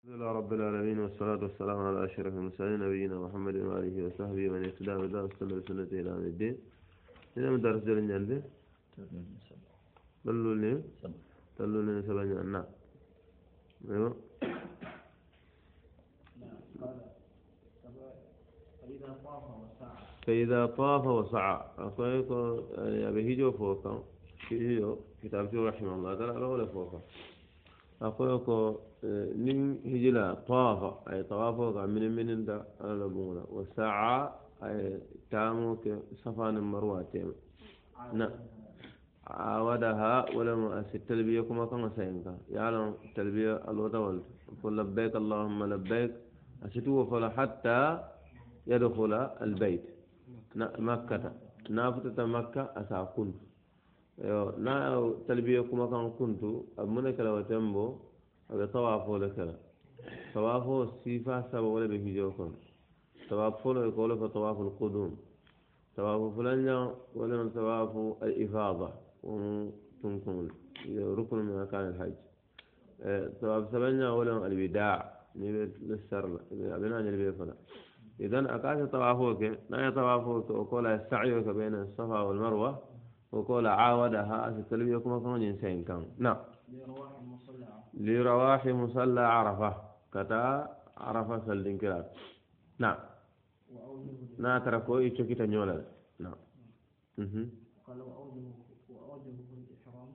الحمد لله رب العالمين والصلاة والسلام على أشرف المرسلين نبينا محمد وآله وصحبه ومن اهتدى بدار استنى بسنته إلى يوم الدين. هنا من درس جل جلدي. تلو لي تلو لي سبع نعم. أيوه. نعم. فإذا طاف وسعى أخويا يعني أبي هيجو فوقه هيجو كتاب رحمه الله تعالى له فوقه أقولك آه، نم هجلا طاف أي طواف من من دا أنا لبونا وسعى أي تاموك صفان مروة تيم نعم عاودها ولم التلبية كما كان سينك يعلم التلبية الوضع والد قل لبيك اللهم لبيك أستو فلا حتى يدخل البيت مكة نافتة مكة أساكنت yo na talbiya kuma kan kuntu abuna kala watembo abe tawafo le kala tawafo sifa saba wala be hijo kon tawafo le ko le ko tawafo alqudum tawafo fulanya wala tawafo alifada um tunkum rukun min arkan alhajj tawafo sabanya wala alwida ni be lisarla abina ni be fala idan akasa tawafo ke na ya tawafo ko la sa'yo ka bayna safa wal marwa وقال عاودها التلبية كما كمان ينسين كان نعم لرواح مصلى عرفة كتا عرفة سلدين كلاب نعم نا تركو يتشكي تنيولا نعم قال نعم. وأوجه وأوجه الإحرام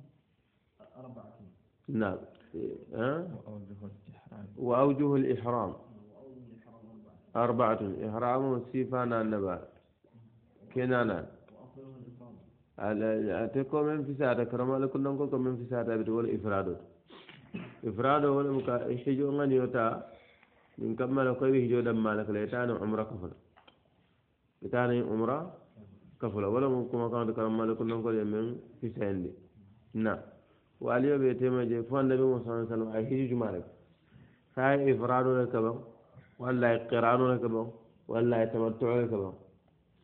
أربعة نعم وأوجه الإحرام الإحرام أربعة إحرام وسيفانا النبات كنانا تكو من في سادة كرما لكو ننكو من في سادة بدو الإفراد إفراد ولا مكا إحجو من يوتا من كما لكو بيهجو دم لك ليتان عمر كفل ليتان عمر كفل ولا مكو مكا كرما لكو ننكو من في سادة نا وعليا بيتي ما جي فان نبي موسى صلى الله عليه وسلم إحجو جمالك فهي إفراد ولا كبو ولا إقران ولا كبو ولا تمتع ولا كبو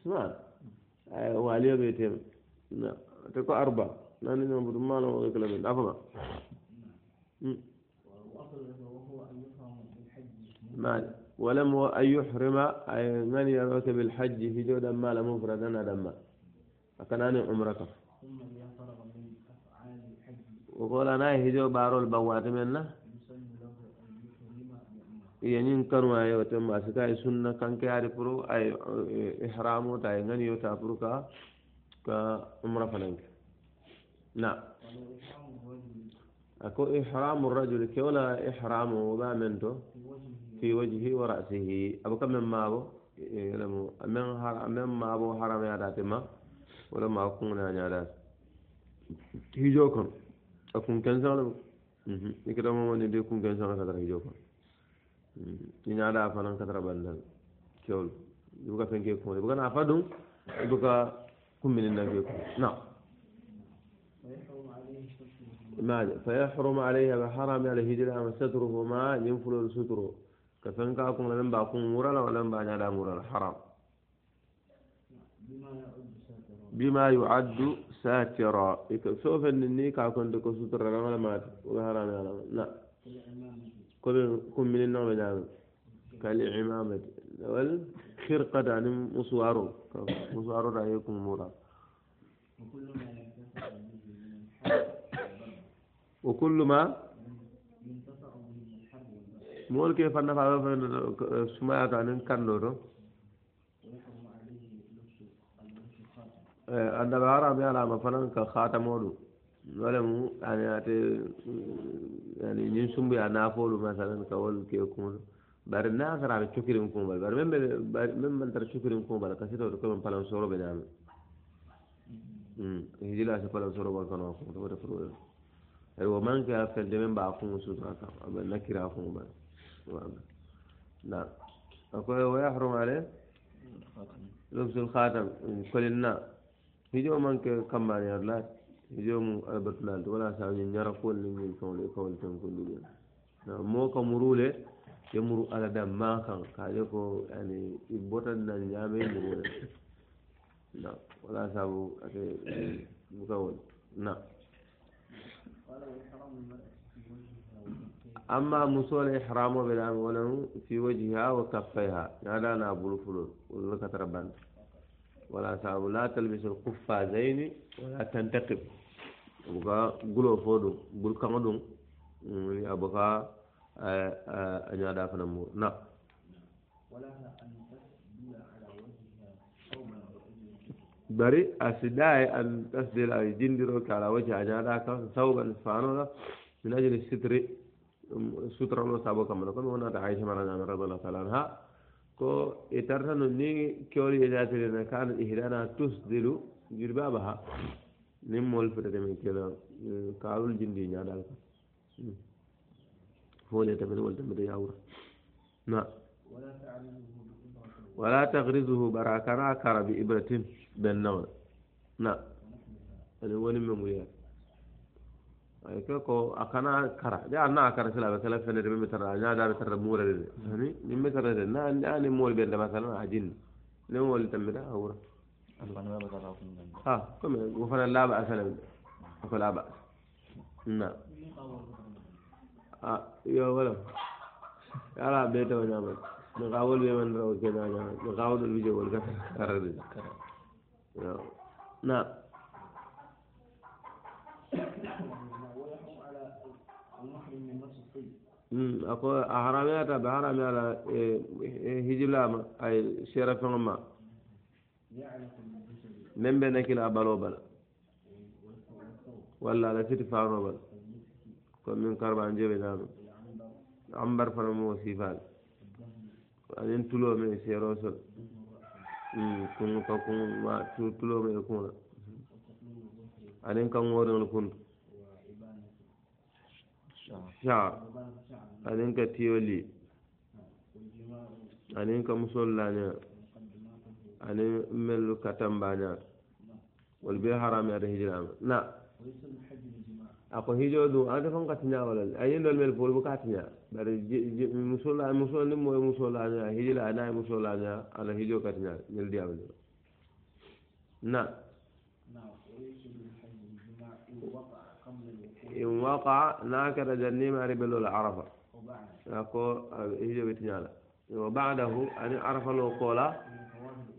سمعت وعليا بيتي ما جي نعم تكو أربع لأن إذا بدون ما لو يكلا من مال ولم أن يحرم أي من يرك بالحج في جودا مال مفردا دما أكن أنا عمرك وقول أنا هجو بارو البوات منا إيه، يعني كانوا أيوة تم أسكاي سنة كان كاري برو أي إحرامه تاي غني يوتا برو كعمرة فلنك نعم أكو إحرام الرجل كي ولا إحرام وبا منته في وجهه ورأسه أبو كم من مابو من هر من مابو حرام يا داتي ما ولا ما أكون أنا دات هيجوكم أكون كنزان نكتب ما من يدي أكون كنزان كتر هيجوكم إن على فلان كتر بندل كيول يبغى فين يكون يبغى نافدون يبغى كن من النبي نعم فيحرم عليها بحرام عليه ما يعني ستره ما ينفل ستره كفن كاكم لن باكم مرلا ولم بانا لا مرلا حرام بما يعد ساترا سوف انني كاكم دكو ستر لما مات وحرام على نعم كل من النوم نعم كالعمامة والخرقة يعني مصوار مصوار رأيكم مراد وكل ما مول كيف أن فعل سمعت عن كان لورو إيه، أن بعرام يعلم فلان كخاتم ولو wala يعني يعني ate yani ñin sumbu ya nafolu bari na sara ala cokirin kuŋo bari meŋ meŋ maŋ tara cokirin kuŋo bala kasita woto komeŋ palaŋ soro be ñaami hijila si palaŋ soro baŋ kano a kuŋo wote problème ari wo maŋ ke a fente meŋ ba a kuŋo suta a kaŋ abe na kira a kuŋo bala na a ko wa yahrum ale lubsul khatam kolinna hijo maŋ ke kambaaniyar laati hijo mu albertulaal wala saa ñiŋ ñara kuwol niŋ ñiŋ kaŋol e kawol tenkundiŋ moo ka muruu le kemuru ala da ma kan kaje ko yani ibotan na nyame muru na wala sabu ate buka won na amma musole ihramo be dam wolan fi wajhiha wa kaffaiha nada na bulu fulul wala ka taraban wala sabu la talbis al quffazain wala tantaqib buka gulo fodo gul kan dum ni abuka a ñaaɗa fana mo na bari a sidaye an tasdil a jindiro ka ala waji a ñaaɗa kan sawban fanola min ajili sitri sutrano sabo kamana kono wonata aicha marañama radiallahu taala anha ko e tarta no ni kewri e jatirina kana ihdana tusdilu jurbabaha nin mol fetete min kela kaalul jindi ñaaɗal kan هو اللي يتبنى والدمدي أورا نعم ولا تغرزه براكنا كر بإبرة بالنور نعم أنا وني من وياه ay ke ko a kana kara de a naa kara sila be kala fene de be metara a ñaa daabe tara muura de de hani ni metara de na a ni mool be dama kala a jinni ni mool tamira a wura ha comme wo fana laaba a fene de ko laaba na yo wala ala be taw nyama no gawol be man raw ke na nyama no gawol be jogol ka arade na ako a haramiyata be haramiyala hijilama ay sera feŋo ma meŋ be nakila a baloo bala walla ala siti faanoo bala كون من كربان جيبي دانو عمبر فرمو سيفال وعدين تلو من سي رسول كون كون ما تلو من كون عدين كون ورن لكون شعر عدين كتيولي عدين كمسول لانيا عدين ملو كتنبانيا والبيه حرام يا رهي جرام نعم وليس الحج ako hijo du ate fon ka tiña wala aye lol mel pol bu ka tiña bari muso la ni moy musola la nya hijo la na muso nya ala hijo ka tiña ñel diabe na in waqa na kata janni mari be lol arafa ako hijo be tiña la wa ba'dahu ani arafa lo kola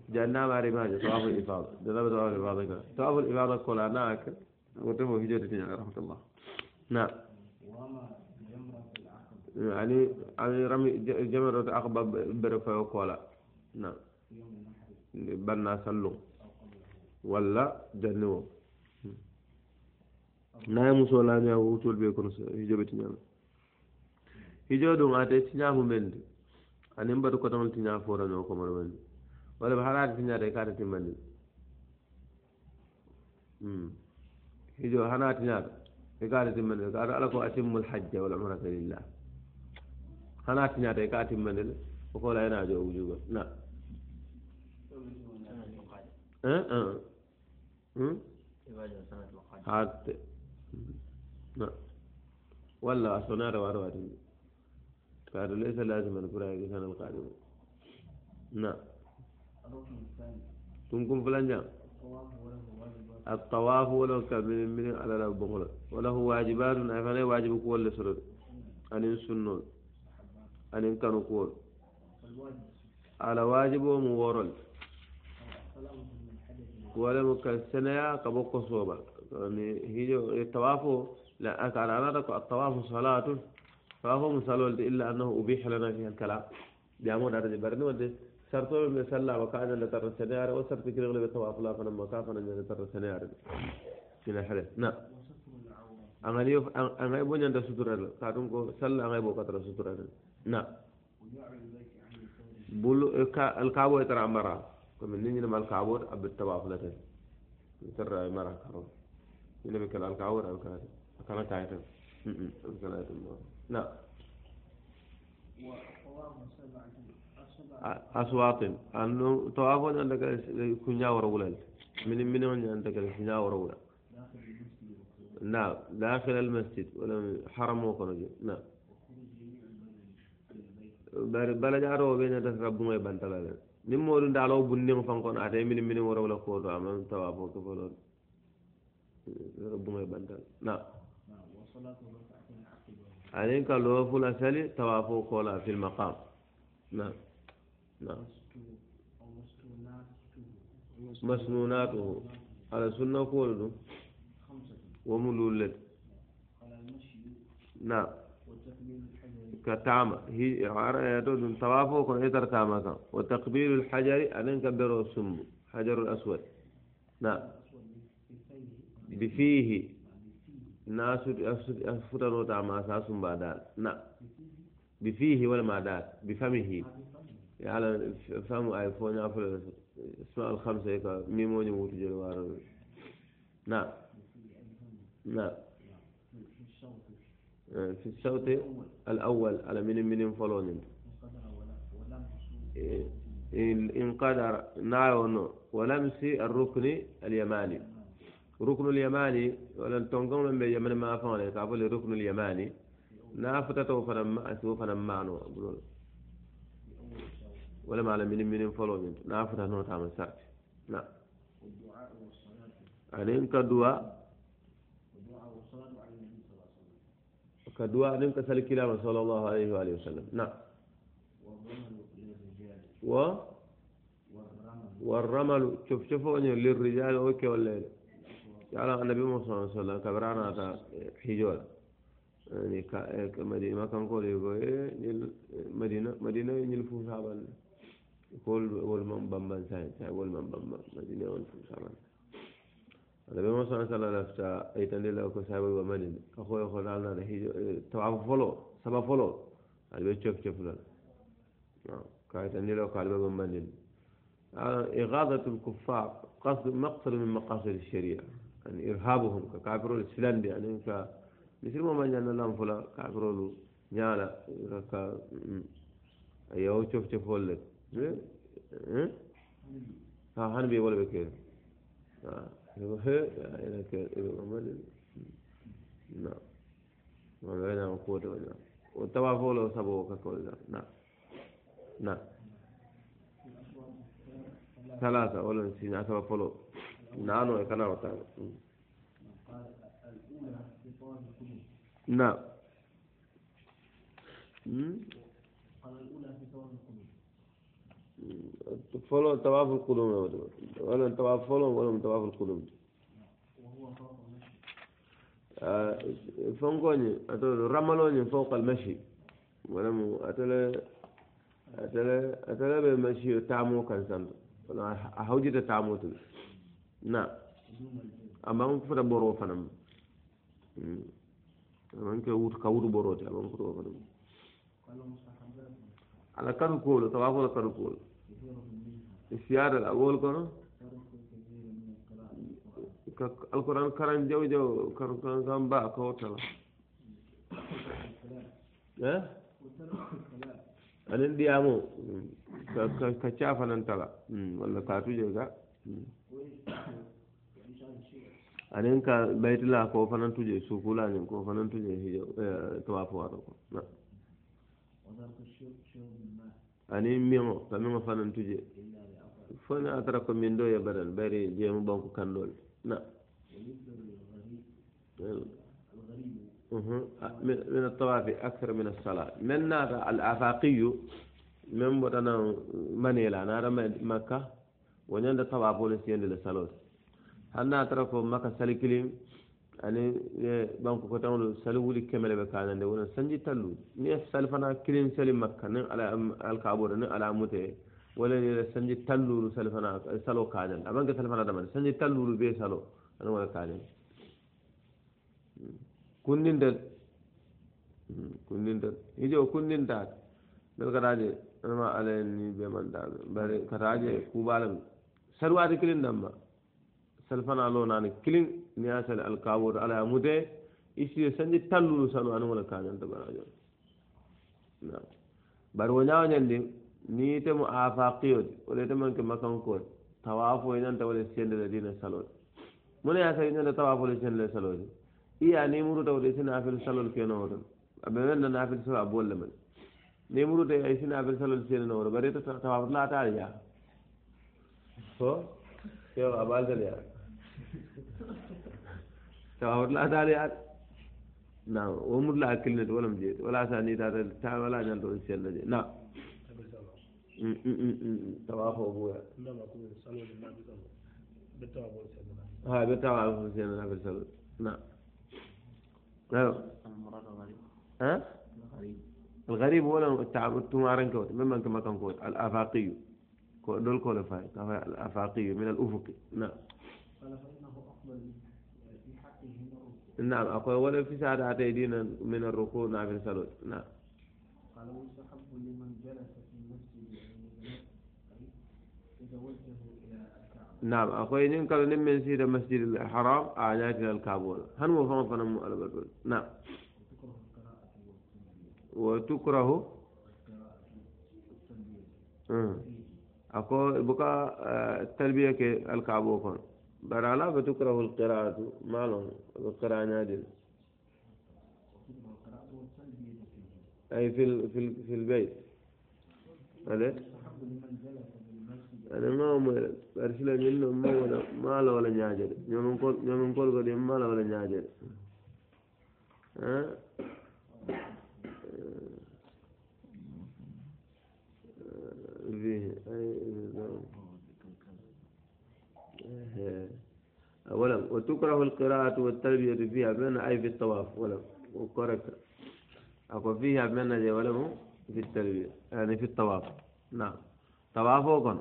janna mari maje tawafu ifada dana be tawafu ifada ka tawafu ifada kola na kata woto fo fijoto tiña ga rahmatullah na ani ani rami jamerote akba bere fayo koola na banna sallum walla janni wo naye muso laña wutol ɓe kono hijoɓe tiñama hijo ɗum ate tiñamu mendi ani mbaɗa kotamal tiña forani o komoɗo mendi walla ɓe haɗate tiñade kate timmandi hmm. إذا هنات ناب يقال تمن قال لك أتم الحج والعمرة لله هنات ناب يقال تمن وقال أنا جو وجوه نعم ها أه؟ أه. ها أه؟ ها نعم. ولا سنار وارواد قال ليس لازم ان قرا الانسان القادم نعم تنكم فلان جام طواف الطواف ولو كان من من على لا وله واجبات فلا واجب كول سرد أن سنن أن كانوا كول على واجب ومورل ولا مكسنا كبوك صوبا يعني هي الطواف لا أكل على الطواف صلاة فهو مصلول إلا أنه أبيح لنا فيها الكلام دي أمور هذا برنامج شرطو ɓe salla wa kaane le tarra seneyaare o sarti kirigle ɓe tawa fula fana ma ka fana ñande tarra seneyaare ɓe ila hele na angaliyo angay bo ñanda sutura la ka ɗum ko salla angay bo katara sutura la na bulu alkaabo e tara mara comme ni ñinema alkaabo aɓe tawa fula ten tarra mara karo ñine ɓe kala alkaabo alkaate akana kaye ten akana ten na aswatin anno to afon anda ka kunya warawulal min min on anda ka kunya warawula na dakhil al masjid wala haramu kono na bari bala jaaro be na tas rabbu ngay bantala le nim modu ndalo bunni ko fankon ate min min warawula ko to am tawafo ko folo rabbu ngay bantal na عليك لو فلسلي توافق ولا في المقام نعم نعم. مسنوناته على سنة قولوا وملولته نعم كتامة هي عارضون توافق كن هتر تامة كان وتقبيل الحجر أن نكبره السم حجر الأسود نعم بفيه ناس أسفر وتامة ساسم بعدال نعم بفيه ولا معدال بفمه آه، على فهم ايفون افل اسماء الخمسه هيك ميموني موت جلوار نعم نعم في الصوت الاول على من من فلون ان قدر نعون ولمس الركن اليماني ركن اليماني ولا تنقم من يمن ما فون كافل الركن اليماني نافتته فنم اسو فنم مانو ولا ما على من من فلو من نافر هنو تام سات لا عليهم كدعاء كدعاء عليهم كسل كلام صلى الله عليه وآله وسلم نعم و والرمل شوف شوفوا للرجال اوكي ولا لا على النبي محمد صلى الله عليه وسلم كبرانا تا حجول يعني كمدينة ما كان قول يقول إيه، مدينة مدينة ينلفوا صعبا كل من بمن ثاني ثاني ساين من بمن مدينة والفن ساين النبي محمد صلى الله عليه وسلم أيتن لله كسائب ومدين أخو أخو نالنا رهيج تعرف فلو سبب فلو النبي شوف شوف لنا كاي كأيتن نعم. لله كعلب ومدين آه، إغاظة الكفار قصد مقتل من مقاصد الشريعة يعني إرهابهم ككافرون السلندي يعني ك مثل ما من جانا لهم فلا كافرون نالا ك أيوه شوف شوف لك إيه؟ إيه؟ ها هنبي ولا بكير ها إلى كير إلى عمل نعم ولا قوة ولا وتوافوا له سبوا كقول نعم نعم ثلاثة ولا نسينا أسباب فلو نعم وكنا وتعالى نعم فولو تضاعف القدوم ولا تضاعف فولو ولا تضاعف القدوم آه، فنقولي أتول رملوني فوق المشي ولا مو أتول أتول أتول بالمشي تامو كان سند أنا أحوجي تامو تل نعم أما هم فتا برو فنم أما إنك وط كود برو تي أما هم فتا برو فنم على كارو كول تضاعف على كارو كول e siyaada ɗa wol kono alquran karan jaw jaw kankan mba kawtala e anen ɗiyamo ka cafanan tala hmm, walla katuje ga hmm. anen ka ɓaytila ko fanan tuje sukulanin ko fanan tuje hijo towa eh, fowato ko na ani miŋo ka miŋo fanaŋ tuje fo ne a tara ko min do ye baran bari jeemu bonko kandol na من الطواف أكثر من الصلاة من نار الآفاقي من بدنا منيلا نار مكة ونند طواف ولسيان للصلاة هل نتركه مكة سلكلين ani banko tanu sali wuli kemele le be de wona sanji tallu ni ye sali fana kiliŋ sali makka niŋ ala al alkaaboto niŋ ala mute wala ni sanji talluuru sali fana salo kañal da ke sali fana da man sanji talluuru be salo ani wala kañal kundintel kundintel hijo kundintaat bel kataaje anama ala ni be man mandaaɓe bari kataaje kuubalami sali waati kiliŋ damma sali fana lo naani kiliŋ niasal alkawor ala mute isire sanji tallulu sanu anumola kañanta barajon nam bari wo ñawañandi ni temu afaqiyoti walla temanke makankoti tawafo ñanta walla sendele dina salode mona yasari ñanta tawafo le sendele salode iya ni muruta wode si nafil salol kenowo ton aɓe wenna nafil salo a bolle men ni muruta ay si nafil salol senenoworo bari tawafo latal ya so yo a baltal ya سواء لا دالي نعم ومر لا كلنا ولا مجيد ولا ثاني دار تاع ولا جندو ان شاء الله نعم تواه ابويا نعم اقول صلوا للنبي بالتواه ها بالتواه حسين النبي صلى نعم نعم ها الغريب هو التعامل تمارن كوت مما كما كان كوت الافاقي دول كولفاي الافاقي من الافق نعم نعم أقول ولو في ساعة أتيدينا من الركوع نعم في الصلاة نعم قال مستحب لمن جلس في المسجد يتوجه يعني إلى الكعبة نعم أقول إن قال لمن سيد المسجد الحرام أعناك إلى الكعبة هنو فهم فنمو على بالبل نعم وتكره أمم. أقول بقى آه، التلبية كالكعبة بر علاوة تكره القراءة ما لهم القراءة نادر أي في في في البيت هذا أنا ما هو أرسل منه ما ولا ما له ولا ناجر يوم نقول يوم نقول قد ما له ولا ناجر ها فيه أي ولم وتكره القراءة والتربية فيها بمعنى أي في الطواف ولم وكرك أكو فيها بين جي ولم في التربية يعني في الطواف نعم طواف وكن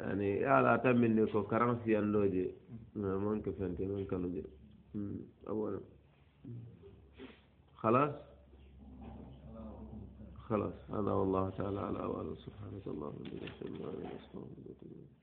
يعني على تمني كو كرم في اللوجي ممكن فهمتي ممكن لوجي أولا خلاص خلاص هذا والله تعالى على أولا سبحانه الله إليك